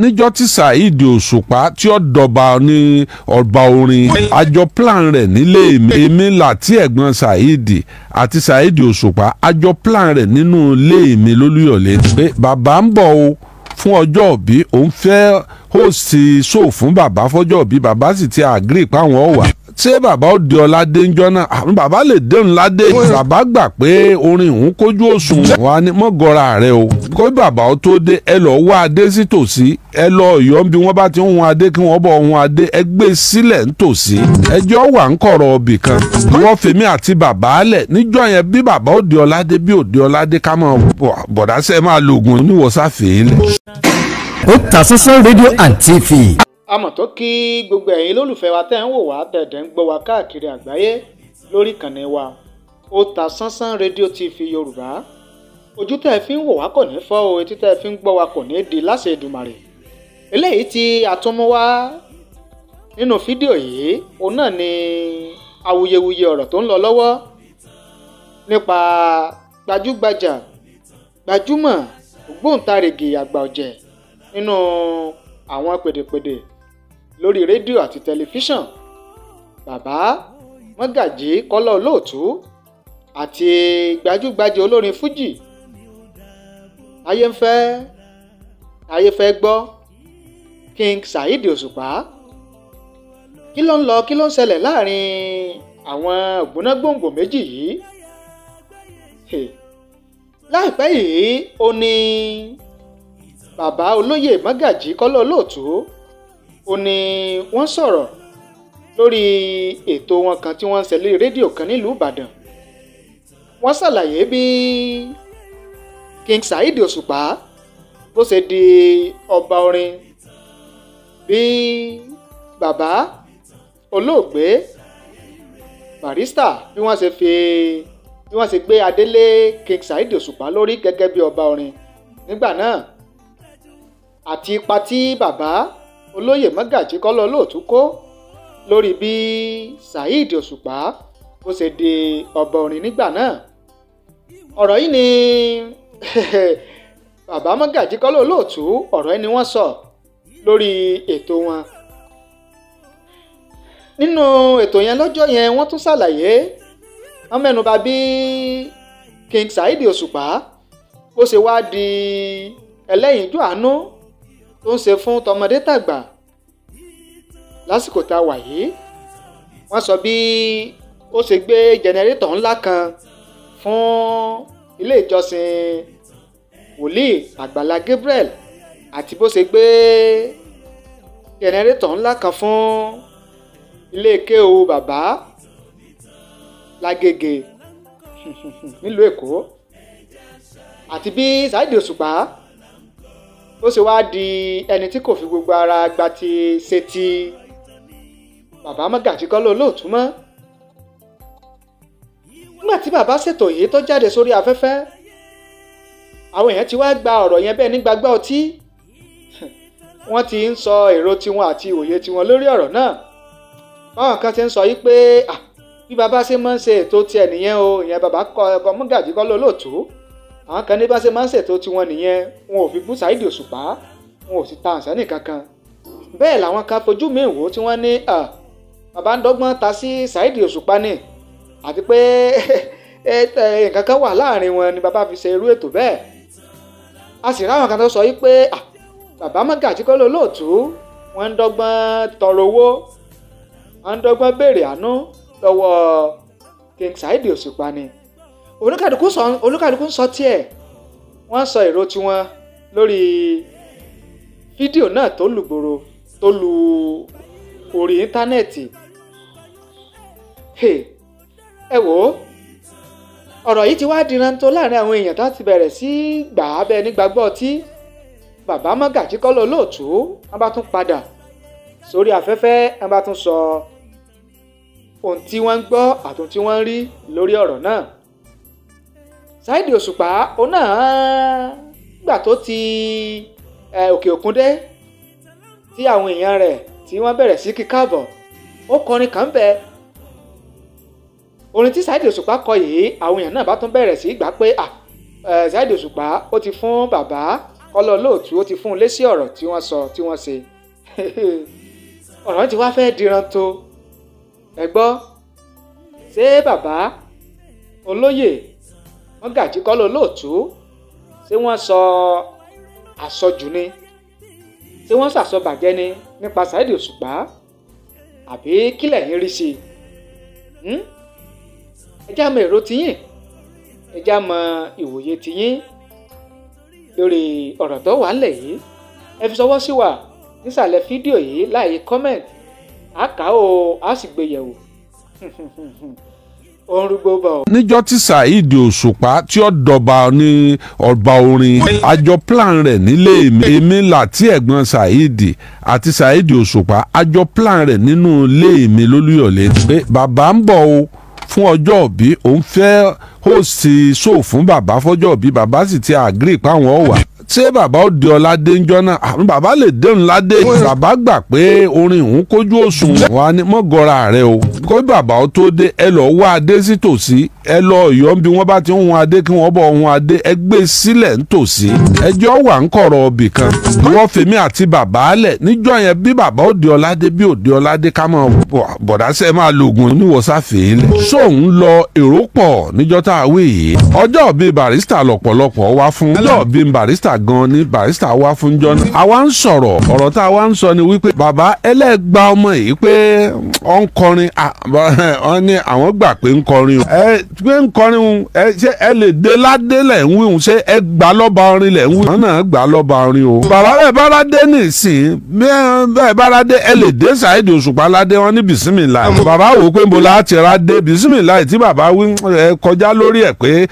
níjọ́ tí Saheed Òṣùpá tí ó dọ̀bà ní ọba orin àjọ plan rẹ̀ nílé èmi láti ẹ̀gbọ́n Saheed àti Saheed Òṣùpá àjọ plan rẹ̀ nínú ilé mi lólúyọ̀lé pé bàbá ń bọ̀ o fún ọjọ́ òbí òun fẹ́ host show fún bàbá fọjọ́ òbí bàbá sì ti agree pa àwọn ọ̀wà ṣé bàbá ó di ọládé ńjọ́ náà àmì ah, bàbá lè dẹ́rùn ládé bàbá gbà pé orin òun kójú òṣùwọ̀n wa ni mọ́gọ́ra rẹ o kó bàbá ó tó dé ẹ lọ́ọ́ wá adé sí tòsí ẹ lọ Ọ̀yọ́ bí wọ́n bá ti ń hun adé kí wọ́n bọ̀ hun adé ẹ gbé e sílẹ̀ nítòsí ẹjọ́ wà ń kọ̀rọ̀ ọbì kan wọ́n fèmí àti bàbá lẹ̀ níjọ́ yẹn bí bàbá ó di ọládé bí ò di ọládé ká máa bọ̀dá sẹ́ẹ̀ máa lo oògùn oníwọ̀sáfẹ́ lẹ̀. ó ta sánsán rédíò and TV amọ̀tọ́ kí gbogbo ẹ̀yin lólùfẹ́ wa tẹ́ ń wò wá dẹ̀dẹ̀ ń gbọ́ wa káàkiri àgbáyé lórí ìkànnì wa Otasansan rédíò TV Yorùbá ojú tẹ́ ẹ fi ń wò wá kò ní fọ́ o etí tẹ́ ẹ fi ń gbọ́ wa kò ní di láṣẹ Èdùmàrè eléyìí tí àtúnmúwá nínú fídíò yìí òun náà ni awuyewuye ọ̀rọ̀ tó ń lọ lọ́wọ́ nípa gbajúgbajà gbajúmọ̀ ògbóǹtarìgì àgbà ọ̀jẹ̀ nínú àwọn pèdèpèdè lórí rédíò àti tẹlifíṣàn bàbá mọ́gàjí kọ́lá olóòtú àti gbajúgbajà olórin fújì ayé ń fẹ́ ayé fẹ́ gbọ́ King Saheed Òṣùpá kí ló ń lọ kí ló ń ṣẹlẹ̀ láàrin àwọn ògbóná gbòǹgbò méjì yìí láìpẹ́ yìí ó ní bàbá olóyè mọ́gàjí kọ́lá olóòtú ó ní wọ́n sọ̀rọ̀ lórí ètò wọn kan tí wọ́n ń ṣe lórí rédíò kan nílùú Ìbàdàn wọ́n ṣàlàyé bí King Saheed Òṣùpá bó ṣe di ọba orin bí bàbá olóògbé barista bí wọ́n ṣe fi bí wọ́n ṣe gbé adélé King Saheed Òṣùpá lórí gẹ́gẹ́ bí ọba orin nígbà náà àti ipa tí bàbá olóyè Màgàjí Kọ́lá Olóòtú kó lórí bí Saheed Òṣùpá bó ṣe di ọba orin nígbà náà ọ̀rọ̀ yìí ni bàbá Màgàjí Kọ́lá Olóòtú ọ̀rọ̀ yìí ni wọ́n sọ lórí ètò wọn nínú ètò yẹn lọ́jọ́ yẹn wọ́n tún ṣàlàyé wọ́n mẹ́nuba bí King Saheed Òṣùpá bó ṣe wá di ẹlẹ́yinjú àánú tó ń ṣe fún tọmọdé tàgbà lásìkò tá a wà yìí wọ́n sọ bí ó ṣe gbé jẹnẹrétọ̀ ńlá kan fún ilé ìjọsìn wòlíì àgbàlá Gabriel àti bó ṣe gbé jẹnẹrétọ̀ ńlá kan fún ilé kéwu bàbá lágége nílùú Èkó àti bí Saheed Òṣùpá ó sì wá di ẹni tí kò fi gbogbo ara gba ti ṣe ti bàbá Màgàjí Kọ́lá Olóòtú mọ́ nígbà tí bàbá ṣètò yìí tó jáde sórí afẹ́fẹ́ àwọn èèyàn ti wá gba ọ̀rọ̀ yẹn bẹ́ẹ̀ nígbàgbá ọtí wọ́n ti ń sọ èrò tiwọn àti òye tiwọn lórí ọ̀rọ̀ náà báwọn kan ti ń sọ yìí pé bí bàbá ṣe máa ń ṣe ètò tiẹ̀ nìyẹn o ìyẹn bàbá kọ ẹ̀kọ́ Màgàjí Kọ́lá Olóòtú àwọn kan ní bá ṣe máa ń ṣètò tiwọn nìyẹn wọn ò fi bú Saheed Òṣùpá wọn ò sì ta àǹsánì kankan bẹ́ẹ̀ làwọn kan fojú mi wò tí wọ́n ní bàbá ń dọ́gbọ́n ta sí Saheed Òṣùpá ni àti pé nǹkan kan wà láàrin wọn ni bàbá fi ṣe irú ètò bẹ́ẹ̀ a sì ráwọn kan tó sọ yìí pé bàbá Màgàjí Kọ́lá Olóòtú wọ́n ń dọ́gbọ́n tọrọ owó wọ́n ń dọ́gbọ́n béèrè àánú lọ́wọ́ King Saheed Òṣùpá ni oníkàlùkù sọ oníkàlùkù sọ tiẹ̀ wọ́n sọ èrò tiwọn lórí fídíò náà tó lùgbòòrò tó lu orí íńtánẹ́ẹ̀tì ẹ wò ó ọ̀rọ̀ yìí ti wá di rántó láàrin àwọn èèyàn tó ti bẹ̀rẹ̀ sí gbà á bẹ nígbàgbọ́ tí bàbá Mọ́gàjí Kọ́lá Olóòtú wọn bá tún padà sórí afẹ́fẹ́ wọn bá tún sọ ohun tí wọ́n ń gbọ́ àti ohun tí wọ́n ń rí lórí ọ̀rọ̀ náà. Saheed Òṣùpá òun náà gbà tó ti òkè òkun dé tí àwọn èèyàn rẹ̀ tí wọ́n bẹ̀rẹ̀ sí kí káàbọ̀ ó kọrin kàn bẹ́ẹ̀ orin tí Saheed Òṣùpá kọ yìí àwọn èèyàn náà bá tún bẹ̀rẹ̀ sí gbà pé à Saheed Òṣùpá ó ti fún bàbá kọ́lọ́ lóòtú ó ti fún un lé sí tí wọ́n sọ tí wọ́n ṣe ọ̀rọ̀ ti wá fẹ́ diran tó ẹ gbọ́ ṣé bàbá olóyè mọ́gàjí kọ́ ló lóòtú ṣé wọ́n sọ àsọjù ni ṣé wọ́n ṣàsọbàjẹ́ ni nípa Saheed Òṣùpá àbí kílẹ̀ yín rí sí i hmm? ẹ já mọ èrò tiyín ẹ já mọ ìwòye tiyín lórí ọ̀rọ̀ tó wà ńlẹ̀ yìí ẹ fi ṣọwọ́ sí wa nísàlẹ̀ fídíò yìí láàyè comment àkàó a sì ó ń rúgbó bọ̀ o. níjọ́ tí Saheed Òṣùpá tí ó dọ̀bà ní ọ̀bà orin àjọ plan rẹ̀ nílé èmi láti ẹ̀gbọ́n Saheed àti Saheed Òṣùpá àjọ plan rẹ̀ nínú ilé mi lólúyọ̀lé pé bàbá ń bọ̀ o fún ọjọ́ òbí òun fẹ́ hóòsì ṣòfún bàbá fọjọ́ òbí bàbá sì ti àgírí ìpáwọn ọ̀wà ṣé bàbá ó di ọlá dé ń jọ́nà àmì ah, bàbá lè dẹ́rùn ládé bàbá gbà pé orin òun kójú òsùn wa ni mọ́gọ́ra rẹ o kó bàbá ó tó dé ẹ lọ wá adé sí tòsí ẹ lọ ọ̀yọ́ bí wọ́n bá ti ń hun adé kí wọ́n bọ̀ hun adé ẹ gbé e sílẹ̀ ń tòsí ẹjọ́ wà ń kọ̀rọ̀ ọbì kan wọ́n fèmí àti bàbá lẹ̀ níjọ́ yẹn bí bàbá ó di ọlá dé bí ò di ọlá dé ká máa bọ̀dá sẹ́ máa lo oògùn oníwọ̀sáfèé lẹ̀ sóun lọ èrò pọ̀ níjọ́ tá a wí yìí ọjọ́ bíi barista barista gan ni barista wá fún jọ́nà àwa ń sọ̀rọ̀ ọ̀rọ̀ tá a wá ń sọ ni wípé bàbá ẹlẹ́gbàá ọmọ yìí pé ọ ń kọrin ọ ní àwọn gbà pé ń kọrin o ẹ pé ń kọrin o ẹ ṣé ẹ lè dé ládé lẹ̀ ń wíwùn ṣé ẹ gbà lọ́ba orin lẹ̀ ń wíwùn àwọn náà gbà lọ́ba orin o. bàbá ẹ bára dé nìsín bẹ́ẹ̀ bára dé ẹ lè dé Saheed Òṣùpá ládé wọn ní bisimilá bàbá wò pé mo la ti ra dé bisimilá tí bàbá wí kọjá lórí ẹ pé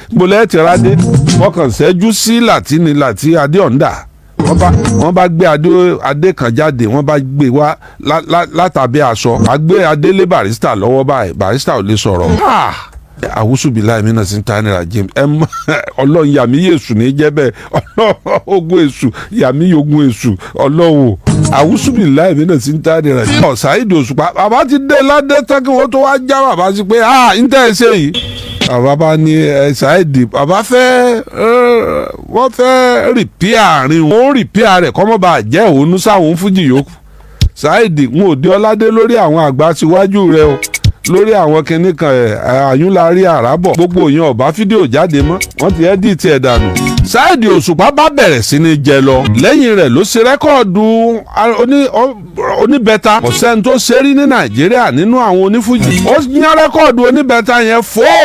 ti ra dé mọ̀kànṣẹ́jú sí làtí ni làtí tí adé ọ̀hún dà wọ́n bá gbé adé kan jáde wọ́n bá gbé wá látàbí aṣọ àgbé adé lé barista lọ́wọ́ báyìí barista ò lè sọ̀rọ̀ àwùsùbí láìmí náà ti ń ta náírà james ẹ mọ ọlọ́run yàmí yéṣù ní jẹ́ bẹ́ẹ̀ ọlọ́run ogun èṣù yàmí ogun èṣù ọlọ́run àwùsùbí láìmí náà ti ń ta náírà bàbá ti dé ládé tán kí wọ́n tó wá já bàbá sí pé ah ń tẹ́ ẹ ṣe yìí bàbá ni ní ẹ ṣáìdì bàbá fẹ́ wọ́n fẹ́ rìpíà àárín wọn ó rìpíà rẹ̀ kọ́mọ́ bá jẹ́ òun sáwọn fújì yòókù ṣáìdì n ò dé ọládé lórí àwọn àgbà síwájú rẹ o lórí àwọn kinní kan ẹ̀ àyúnlárí àràbọ̀ gbogbo yẹn ọ̀bá fídíò jáde mọ́ wọ́n ti ẹ́ dì dànù. Saheed Òṣùpá bá bẹ̀rẹ̀ sí ni jẹ lọ lẹ́yìn rẹ̀ ló ṣe rẹ́kọ̀dù oníbẹta kò tó ṣe rí ní Nàìjíríà nínú àwọn onífuji ó yán rẹ́kọ̀dù oníbẹ̀ta yẹn fóò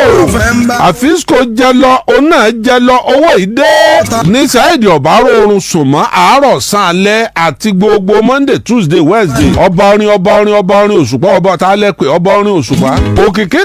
àfisco jẹ lọ òun náà jẹ lọ owó ìdẹ́ ní sùn mọ́ àárọ̀ gbogbo Monday Tuesday Wednesday ọba orin ọba orin ọba orin Òṣùpá ọba ọ̀tá lẹ́pẹ́ ọba orin Òṣùpá òkìkí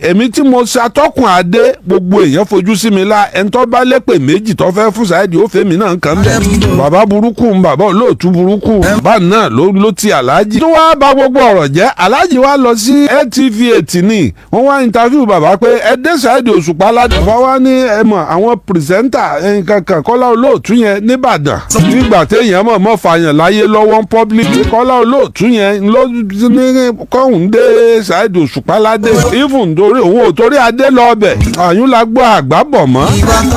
èmi tí mo ṣàtọ́kùn adé gbogbo èèyàn fojú sí mi la ẹni tó bá lépè méjì tó fẹ́ fún Saheed ó fèmí náà kàn bẹ̀. bàbá burúkú bàbá olóòtú burúkú bá náà ló ló ti aláàjì. tó wá bà gbogbo ọ̀rọ̀ jẹ́ aláàjì wá lọ sí LTV eighty ni wọ́n wá interview bàbá pé ẹ dé Saheed Òṣùpá aládùn. bàbá wa ní ẹ mọ̀ àwọn pìrìsẹ́ńtà nǹkan kan kọ́lá olóòtú yẹn nìbàdàn. nígbà téèyàn mọ̀ mọ́ fàyàn láyé lọ́wọ́ public kọ́lá olóòtú yẹn ló ní kọ́hùn dé Saheed Òṣùpá aládùn. even though torí òun ò torí adé lọ ọbẹ̀ àyún la gbọ́ àgbà bọ̀ mọ́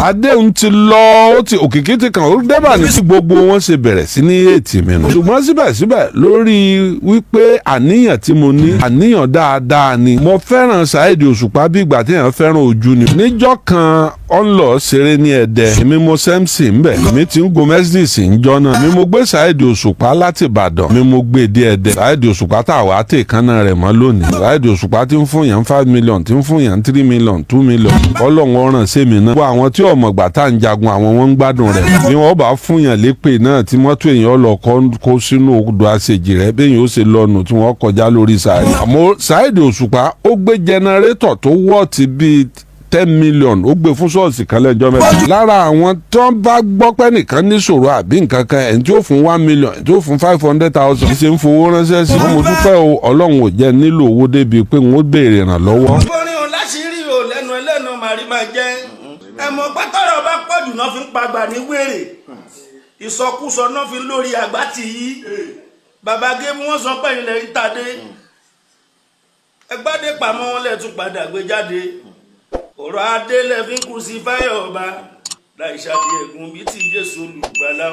adé ń ti lọ ó ti òkìkí ti kàn ó dẹ́bà ní tí gbogbo wọn ṣe bẹ̀rẹ̀ sí ní èètì mi nù. ṣùgbọ́n síbẹ̀síbẹ̀ lórí wípé àníyàn tí mo ní àníyàn dáadáa ni mo fẹ́ràn Saheed Òṣùpá bí ìgbà tí èèyàn fẹ́ràn ojú ni. níjọ́ kan ọ̀nlọ̀ ṣeré ní Ẹdẹ èmi mo sẹ́msì ń bẹ̀ èmi ti ń go Mercedes ń jọ́ náà mi mo gbé Saheed Òṣùpá láti Ìbàdàn mi mo gbé dé Ẹdẹ Saheed Òṣùpá tàwa àti ìkànnà rẹ̀ mọ́ lónìí Saheed Òṣùpá ti ń fún yẹn five million million tí ń fún yàn three million two million ọlọ́run ọ̀ràn sèmi náà gbogbo àwọn tí ọmọ gbà tá à ń jagun àwọn wọn ń gbádùn rẹ̀ ni wọ́n bá fún yàn lépè náà tí mọ́tò èèyàn lọ kó sínú odò àṣejì rẹ̀ bẹ́ẹ̀ yóò ṣe lọ́nu tí wọ́n kọjá lórí Saheed àmọ́ Saheed Òṣùpá ó gbé jẹnẹrétọ̀ tó wọ́ọ̀tì bíi ten million ó gbé fún ṣọ́ọ̀ṣì kan lẹ́jọ́ mẹ́ta. lára àwọn tó ń bá gbọ́ pé nìkan níṣòro àbí nǹkan kan ẹni tí ó fún one million ẹni tí ó fún five hundred thousand ṣe ń fowó ránṣẹ́ sí i. mo dúpẹ́ o ọlọ́run ò jẹ́ nílò owó débi pé n ó béèrè ìrànlọ́wọ́. ọkùnrin ò láṣìírí o lẹ́nu ẹlẹ́nu màrí máa jẹ́ ẹ̀mọ́ pátọ́rọ̀ bá pọ̀ jù náà fi ń pagbà ní wèrè ìsọkúsọ náà fi lórí àgbà tì í bàbá gébú wọn sọ pé ilẹ̀ ń tadé ẹgbàdé pàmò wọn lẹ́ẹ̀tún padà gbé jáde. Mm ọ̀rọ̀ adé lẹ fi kù sí fáyọ̀ ọba láì ṣàbí ẹ̀gún bíi ti Jésù olùgbàlà